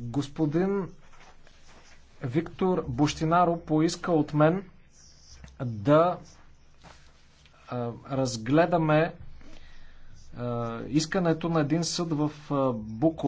Господин Виктор Буштинаро поиска от мен да разгледаме искането на един съд в Буко.